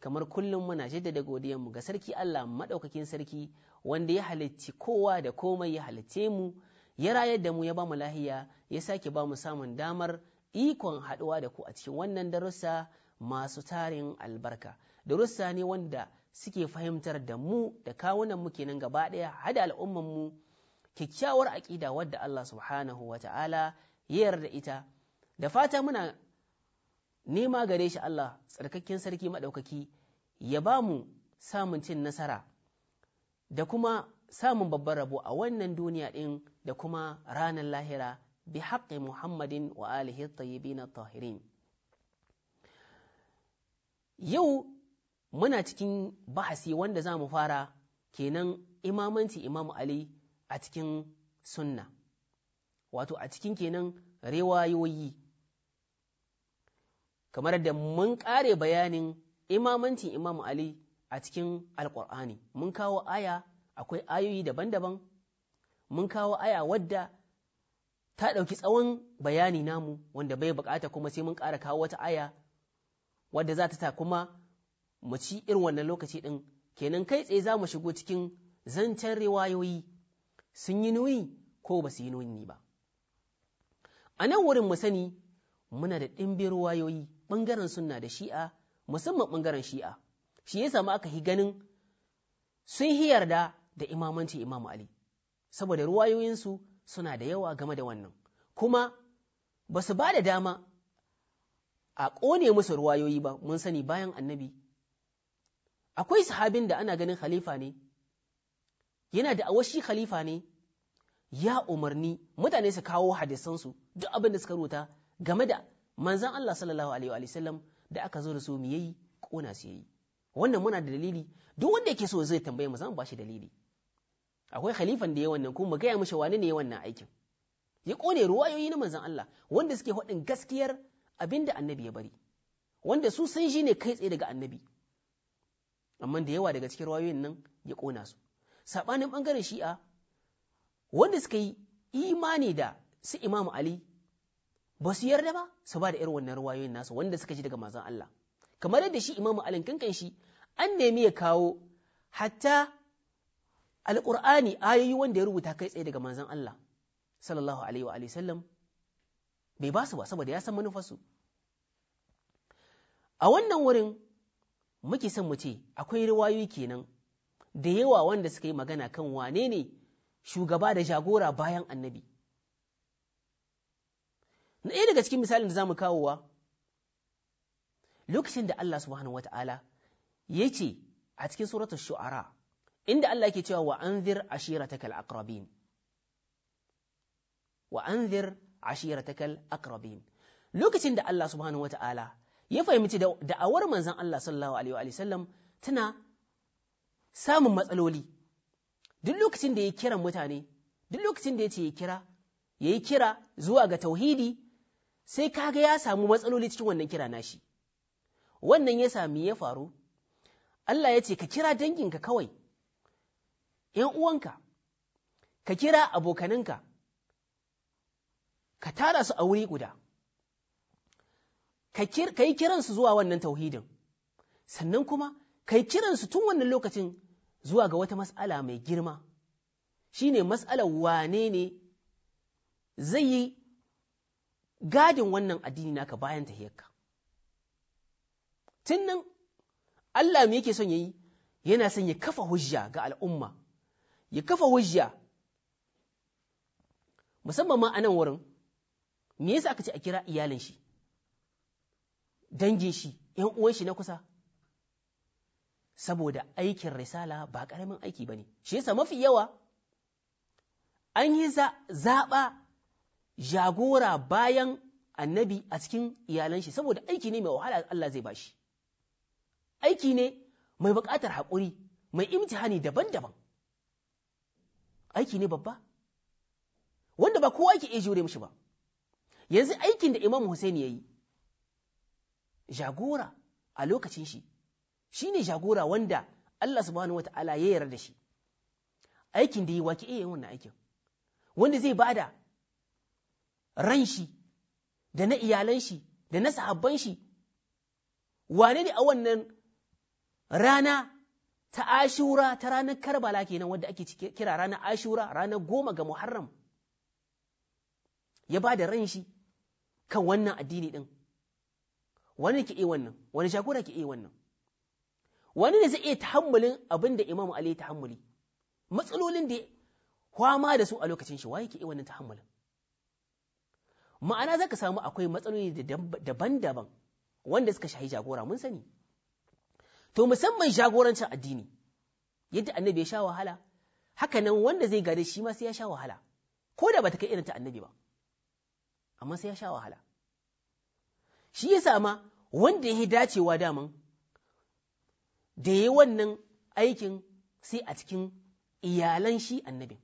kamar kullum muna jaddada godiyar mu ga sarki Allah maɗaukakin sarki wanda ya halicci kowa da komai ya halicce mu ya rayar da mu ya bamu lahiya ya sake bamu samun damar ikon haɗuwa da ku a cikin wannan darussa masu tarin albarka darussa ne wanda suke fahimtar da mu da kawunan mu kenan gaba ɗaya hada al'umman mu kyakkyawar aƙida wadda Allah subhanahu wa ta'ala ya yarda ita da fata muna nema gare shi Allah tsarkakken sarki maɗaukaki ya ba mu samun cin nasara da kuma samun babban rabo a wannan duniya ɗin da kuma ranar lahira bi haƙƙi Muhammadin wa alihi na tahirin yau muna cikin bahasi wanda za mu fara kenan imamanci Imam Ali a cikin sunna wato a cikin kenan rewayoyi kamar da mun ƙare bayanin imamancin Imam Ali a cikin Alƙur'ani mun kawo aya akwai ayoyi daban-daban mun kawo aya wadda ta ɗauki tsawon bayani namu wanda bai buƙata kuma sai mun ƙara kawo wata aya wadda za ta ta kuma mu ci irin wannan lokaci ɗin kenan kai tsaye za mu shigo cikin zancen riwayoyi sun yi nuyi ko ba su yi nuni ba a nan wurin mu sani muna da ɗimbin riwayoyi ɓangaren sunna da shi'a musamman ɓangaren shi'a shi ya samu aka yi ganin sun hi yarda da imamanci imam ali saboda ruwayoyinsu suna da yawa game da wannan kuma ba su ba da dama a ƙone musu ruwayoyi ba mun sani bayan annabi akwai sahabin da ana ganin khalifa ne yana da awashi khalifa ne ya umarni mutane su kawo hadisansu duk abin da suka rubuta game da manzan Allah sallallahu alaihi wa sallam da aka zo da su mu yayi kona su yayi wannan muna da dalili duk wanda yake so zai tambaye mu zan ba shi dalili akwai khalifan da ya wannan kuma gaya mishi wani ne wannan aikin ya kone ruwayoyi na manzan Allah wanda suke haɗin gaskiyar abinda annabi ya bari wanda su sun shi ne kai tsaye daga annabi amma da yawa daga cikin ruwayoyin nan ya kona su saɓanin bangaren shi'a wanda suka yi imani da su imamu ali ba su yarda ba su ba da irin wannan ruwayoyin nasu wanda suka ji daga mazan Allah kamar yadda shi imamu alin kankan shi an nemi ya kawo hatta alƙur'ani ayoyi wanda ya rubuta kai tsaye daga mazan Allah sallallahu alaihi wa sallam bai ba su ba saboda ya san manufarsu a wannan wurin muke son mu ce akwai ruwayoyi kenan da yawa wanda suka yi magana kan wane ne shugaba da jagora bayan annabi na ɗaya daga cikin misalin da za mu kawowa lokacin da Allah subhanahu wa ta'ala ya ce a cikin suratul shu'ara inda Allah ke cewa wa anzir ashiratakal akrabin, wa anzir ashiratakal aqrabin lokacin da Allah subhanahu wa ta'ala ya fahimci da'awar manzan Allah sallallahu alaihi wa sallam tana samun matsaloli duk lokacin da ya kira mutane duk lokacin da ya ce ya kira ya yi kira zuwa ga tauhidi sai kaga ya samu matsaloli cikin wannan kira nashi wannan ya sami ya faru Allah ya ce ka kira danginka kawai ‘yan uwanka ka kira abokaninka ka tara su a wuri guda ka yi kiransu zuwa wannan tauhidin sannan kuma ka yi kiransu tun wannan lokacin zuwa ga wata mas'ala mai girma shine mas'alar wane ne zai yi gadin wannan addini naka bayan tahiyarka tun nan Allah me yake son yayi yana son ya kafa hujja ga al'umma ya kafa hujja musamman ma a nan wurin me yasa aka ce a kira iyalin shi dangin shi ‘yan uwan shi na kusa saboda aikin risala ba ƙaramin aiki ba ne shi yasa mafi yawa an yi zaɓa jagora bayan annabi a cikin iyalan shi saboda aiki ne mai wahala Allah zai bashi aiki ne mai buƙatar haƙuri mai imtihani daban-daban aiki ne babba wanda ba kowa yake iya jure mishi ba yanzu aikin da Imam Hussein ya yi jagora a lokacin shi shi ne jagora wanda Allah subhanahu wata'ala ya yarda da shi aikin da yi wake iya yin wannan aikin wanda zai bada ran shi da na iyalan shi da na sahabban shi wane ne a wannan rana ta ashura ta ranar karbala kenan wanda ake kira ranar ashura ranar goma ga muharram ya ba da ran shi kan wannan addini din? wani ke iya wannan wani shakura ke iya wannan wani ne zai iya tahammulin abin da imam ali ya tahammuli matsalolin da kwama da su a lokacin shi waye ke iya wannan tahammulin ma'ana zaka samu akwai matsaloli daban-daban wanda suka shahi jagora mun sani to musamman jagorancin addini yadda annabi ya sha wahala haka nan wanda zai gare shi ma sai ya sha wahala ko da ba ta kai irin ta annabi ba amma sai ya sha wahala shi ya sama wanda ya yi dacewa daman da ya yi wannan aikin sai a cikin iyalan shi annabin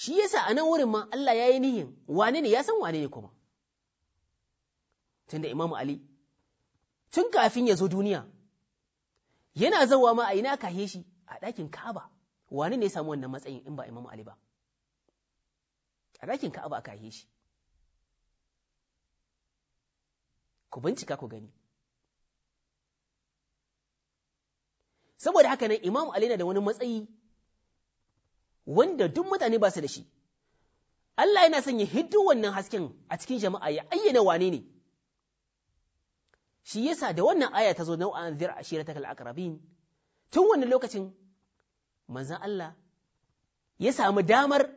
shi yasa a nan wurin ma Allah ya yi nihin wane ne ya san wane ne kuma tunda Imam Ali tun kafin ya zo duniya yana zawa ma a ina na shi a ɗakin kaba wane ne ya samu wannan matsayin in ba Imam Ali ba a ɗakin kaba a kahe shi ku bincika ku gani saboda haka nan Imam Ali na da wani matsayi wanda duk mutane ba su da shi Allah yana sanya ya wannan hasken a cikin jama'a ya ayyana wane ne shi yasa da wannan aya ta zo na anzir ashiratakal aqrabin tun wannan lokacin manzon Allah ya samu damar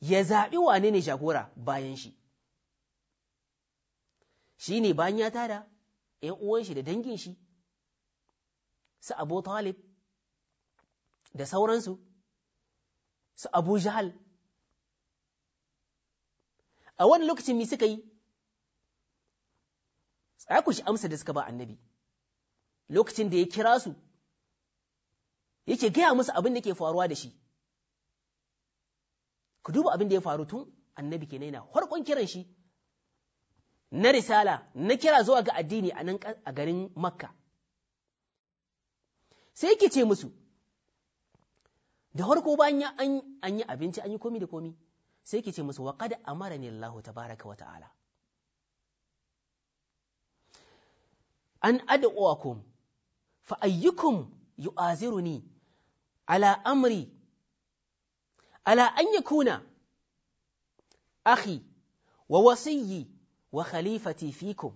ya zaɓi wane ne jagora bayan shi shi ne bayan ya tada ‘yan uwan shi da dangin shi su abu talib da sauransu su abu jahal a wani lokacin mi suka yi tsaya ku shi amsa da suka ba annabi lokacin da ya kira su yake gaya musu abin da ke faruwa da shi ku duba abin da ya faru tun annabi ke naina harkon kiran shi na risala na kira zuwa ga addini a nan a garin makka sai yake ce musu da harko bayan ya an yi abinci an yi komi da komi sai ke ce musu wa qad amarani Allah tabaraka wa ta'ala an ad'uakum fa ayyukum yu'aziruni ala amri ala an yakuna akhi wa wasiyyi wa khalifati fikum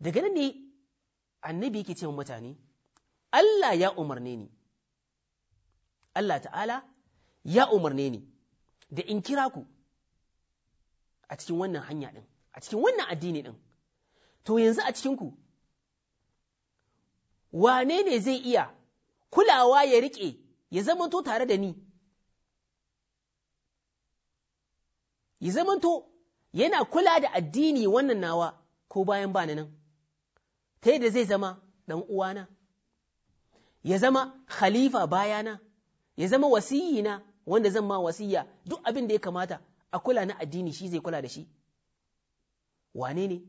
daga nan ne annabi yake ce mutane Allah ya umarne ni Allah ta'ala ya umarne ni da in kira ku a cikin wannan hanya ɗin a cikin wannan addini ɗin to yanzu a cikinku wane ne zai iya kulawa ya riƙe ya zamanto tare da ni ya zamanto yana kula da addini wannan nawa ko bayan bani nan ta yadda zai zama ɗan uwana ya zama khalifa bayana ya zama wasiyina wanda zan ma wasiya duk abin da ya kamata a kula na addini shi zai kula da shi wane ne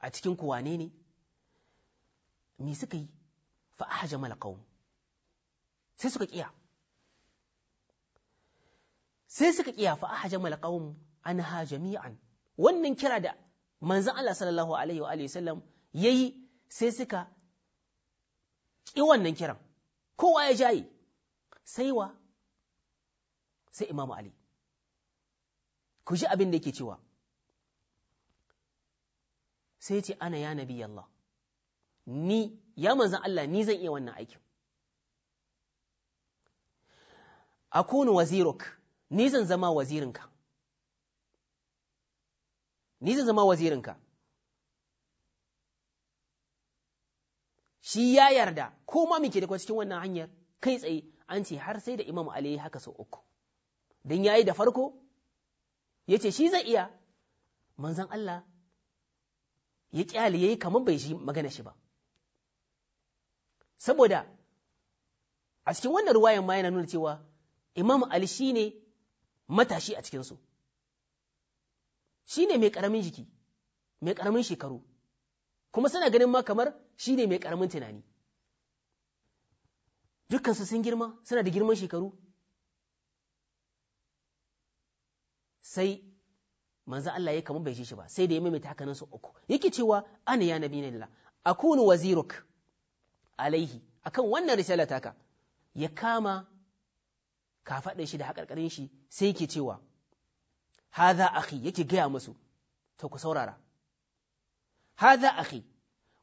a cikinku ku wane ne me suka yi fa ahjama ƙaun? sai suka ƙiya sai suka kiya fa ƙaun an ha jami'an wannan kira da manzan Allah sallallahu alaihi wa alihi wasallam yayi sai suka ƙi wannan kiran kowa ya jaye sai wa sai imamu ali ku ji abin da yake cewa sai ce ana ya nabi Allah ni ya manzan Allah ni zan iya wannan aikin akunu waziruk ni zan zama wazirinka ni zan zama wazirinka shi ya yarda ko ma muke da cikin wannan hanyar kai tsaye an ce har sai da Imam Ali haka sau uku don ya yi da farko ya ce shi zai iya manzan Allah ya ƙyali ya yi kamar bai shi magana shi ba saboda a cikin wannan ruwayan ma yana nuna cewa Imam Ali shi ne matashi a cikinsu shi ne mai ƙaramin jiki mai ƙaramin shekaru kuma suna ganin ma kamar shi ne mai ƙaramin tunani dukkansu sun girma suna da girman shekaru sai manzo Allah ya kama bai shi ba sai da ya maimaita haka su uku yake cewa ana ya nabi lillah akunu waziruk alaihi akan wannan risala taka ya kama kafaɗin shi da haƙarƙarin shi sai yake cewa haza akhi yake gaya musu to ku saurara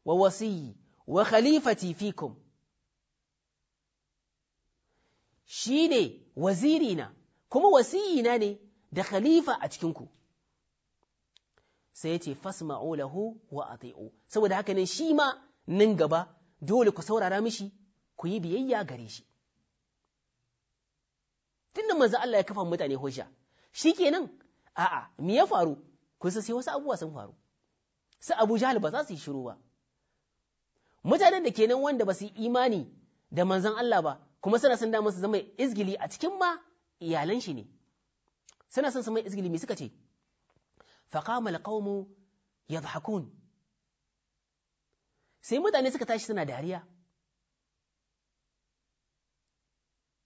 wa wasiyi wa وخليفتي فيكم shi ne waziri na kuma wasiyina ne da khalifa a cikinku sai ya ce fasma'u lahu wa ati'u saboda haka ne shi ma nan gaba dole ku saurara mishi ku yi biyayya gare shi Tun tunda manzo Allah ya kafa mutane hujja shikenan a'a me ya faru kun sai wasu abubuwa sun faru su Abu Jahal ba za su yi shiru ba mutanen da kenan wanda ba su yi imani da manzan Allah ba kuma suna son damar su zama izgili a cikin ma iyalan shi ne suna son su mai izgili me suka ce faqama alqawmu yadhhakun sai mutane suka tashi suna dariya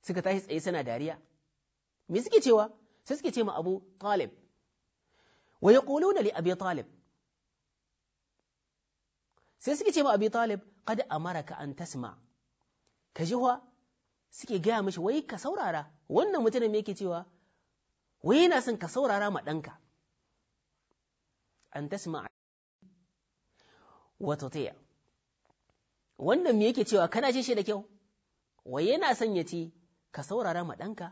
suka tashi tsaye suna dariya me suke cewa sai suke ce ma Abu Talib wa yaquluna li Abi Talib sai suke ce ma abi talib kad amaraka an tasma ka ji suke gaya mishi wai ka saurara wannan mutumin me yake cewa wai yana son ka saurara ma danka an tasma wato taya wannan me yake cewa kana ce shi da kyau wai yana son ya ce ka saurara ma danka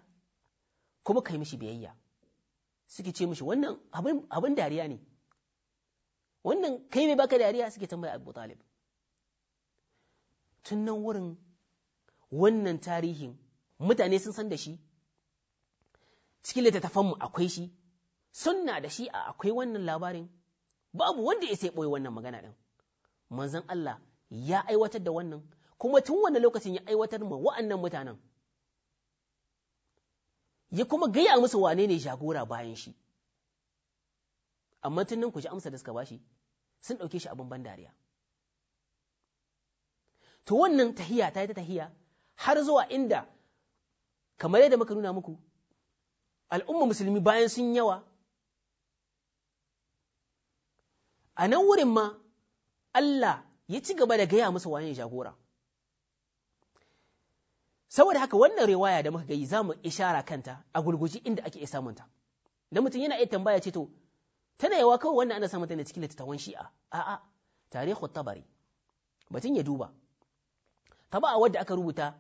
kuma ka yi mishi biyayya suke ce mishi wannan abin dariya ne wannan kai mai baka dariya suke tambaya abu talib tun nan wurin wannan tarihin mutane sun san da shi cikin mu akwai shi sunna da shi a akwai wannan labarin babu wanda ya sai boye wannan magana din manzon Allah ya aiwatar da wannan kuma tun wannan lokacin ya aiwatar ma wa'annan mutanen ya kuma gaya musu wane ne jagora bayan shi amma tun nan ku ji amsa da suka bashi sun ɗauke shi abin ban dariya to wannan tahiya ta yi ta tahiya har zuwa inda kamar yadda muka nuna muku al'umma musulmi bayan sun yawa a nan wurin ma Allah ya ci gaba da gaya masa wayan jagora saboda haka wannan riwaya da muka gayi za mu ishara kanta a gulguji inda ake samunta na mutum yana iya tambaya ce to tana yawa kawai wannan ana samun tana cikin littattafan shi'a a'a tarihu tabari batun ya duba taba'a wadda aka rubuta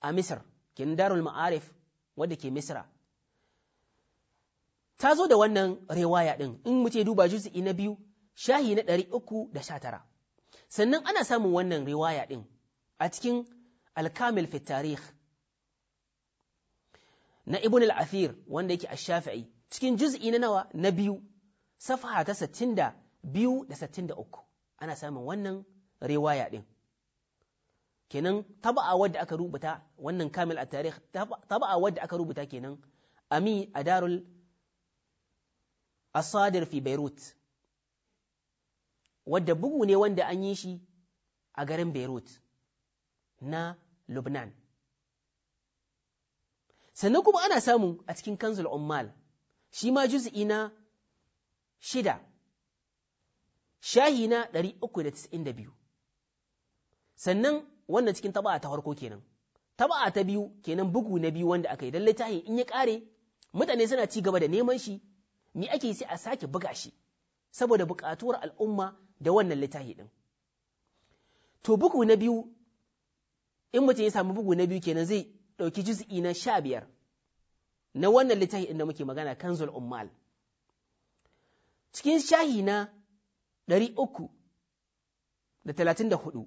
a misr kin darul ma'arif wadda ke misra ta zo da wannan rewaya din in muke duba juz'i na biyu shahi na ɗari uku da sha tara sannan ana samun wannan riwaya ɗin a cikin alkamil fi tarih na ibn al-athir wanda yake ash-shafi'i cikin juz'i na nawa na biyu safaha ta 62 da 63 ana samun wannan riwaya ɗin kenan taba'a wadda aka rubuta wannan kamil a tarih taba'a wadda aka rubuta kenan ami a darul asadir fi beirut wadda bugu ne wanda an yi shi a garin beirut na lubnan sannan kuma ana samu a cikin kanzul ummal shi ma juzi'i na shida shahi na ɗari uku da tisa'in da biyu sannan wannan cikin taba'a ta farko kenan taba'a ta biyu kenan bugu na biyu wanda aka yi lallai ta in ya ƙare mutane suna ci gaba da neman shi me ake sai a sake buga shi saboda buƙatuwar al'umma da wannan littafi ɗin to bugu na biyu in mutum ya samu bugu na biyu kenan zai ɗauki juz'i na sha biyar na wannan littafi ɗin da muke magana kanzul ummal cikin shahi na 334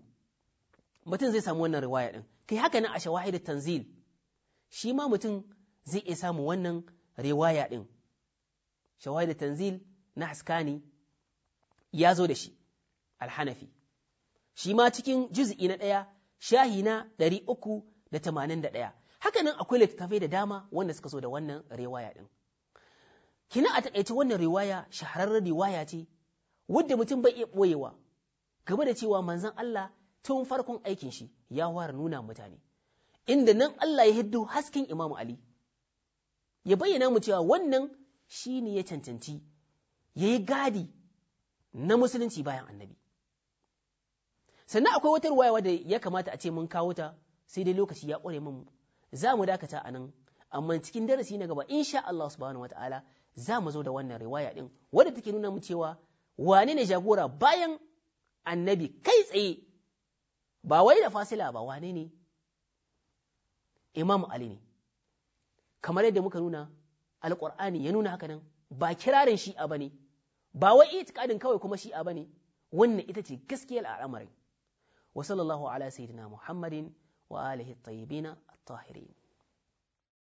mutum zai samu wannan riwaya ɗin kai haka nan a da tanzil shi ma mutum zai iya samu wannan riwaya ɗin da tanzil na haskani ya zo da shi alhanafi shi ma cikin juz'i na ɗaya shahi na 381 haka nan akwai littattafai da dama wanda suka zo da wannan riwaya ɗin Kina a taƙaice wannan riwaya shahararren riwaya ce, wadda mutum bai iya ɓoyewa, gaba da cewa manzan Allah tun farkon aikin shi ya ware nuna mutane, inda nan Allah ya hiddo hasken imam Ali, ya bayyana mu cewa wannan shi ne ya cancanci, ya yi gadi na musulunci bayan annabi. Sannan akwai wata riwaya da ya kamata a ce mun kawo ta sai dai lokaci ya ƙware mun za mu dakata a nan, amma cikin darasi na gaba, insha Allah subhanahu wata'ala za mu zo da wannan riwaya ɗin wadda take nuna mu cewa wane ne jagora bayan annabi kai tsaye ba wai da fasila ba wane ne imam ali ne kamar yadda muka nuna alƙur'ani ya nuna haka nan ba kirarin shi'a bane. ne ba wai itikadin kawai kuma shi'a bane. wannan ita ce gaskiyar al'amarin wa sallallahu ala sayyidina muhammadin wa alihi tayyibina at-tahirin